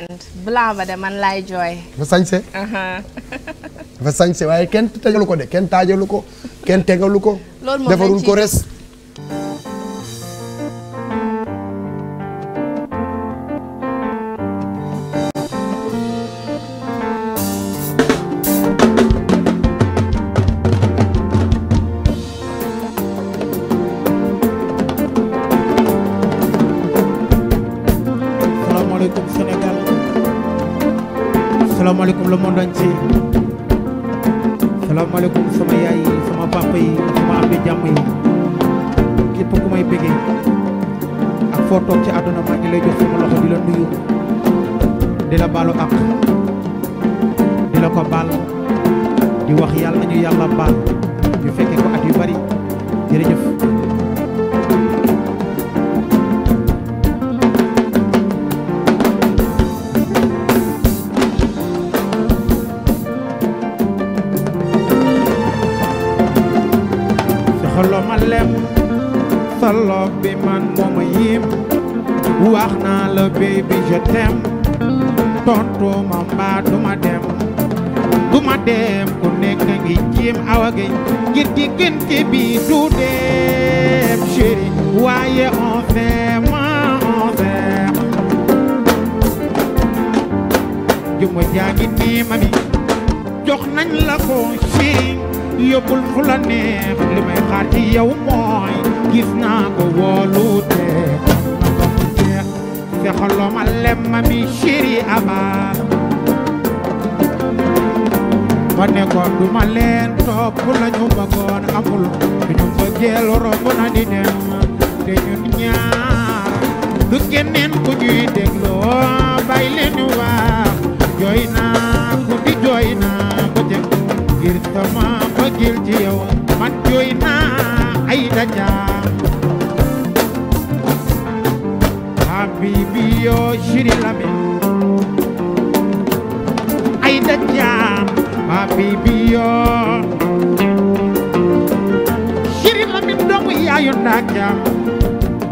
Hollande blanc ba de man laay jooy. dafa sañse. dafa sañse waaye kenn tegalu ko de kenn taajalu ko kenn tegalu ko. loolu moom defarul ko res. Assalamualaikum le monde entier assalamualaikum sama yaay sama papa yi sama am gitu di jàmm yi képp ku may bëggee ak foo toog ci àdduna maa ngi lay jox sama loxo di la nuyu di la baalu ak di la ko baal di wax yàlla nañu yàlla baal ñu fekkee ko at yu bari sa bi man mooma yim wax naa la baby je t'aime tontu ma duma dem duma dem ku nekk ngi jéem awa gay ngir diggante bi du dem chéri waaye on s'aime on juma jaa ngi jox nañ la ko chéri yóbbul fu la neex li may xaar ci yow mooy gis naa ko te xam na ko mu jeex te xoloma lemma mi chéri abal ma nekkoon du ma leen topp lañu bëggoon amul bi ñu bëggeel romb na di dem te ñaar du keneen ku ñuy dégloo bay leen ñu jooy naa ku di jooy naa ba jëm ngir sama bëggeel ci yow man jooy naa Aida Dia Habibi yo Shiri Lame Aida Dia Habibi yo Shiri Lame doomu yaayu Ndaa Dia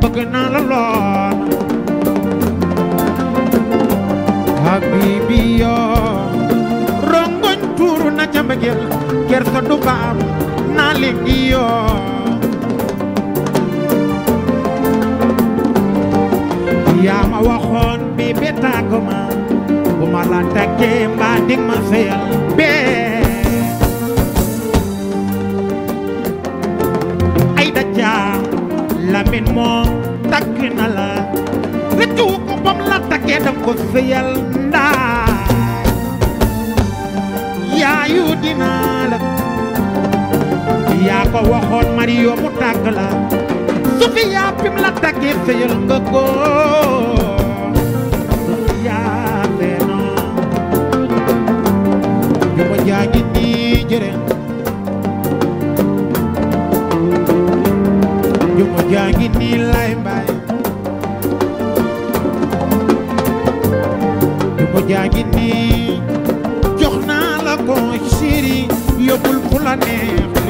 bëgg naa la lool Habibi yo rongoñ tuuru na ca mbëggeel gerte du baam naa ma waxoon bi bi tàgg ma bu ma la tekkee mbaa dig ma ay da la lamin mo tak na la rëccu ko bam la takkee dam ko feyal ndaa ya yu la ya ko ya waxoon Mario mu tagla la su fi yaa pim la ya ko jàmm jaa ngi nii jox naa la ko chéri yóbbul fu la neex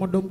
Sumedung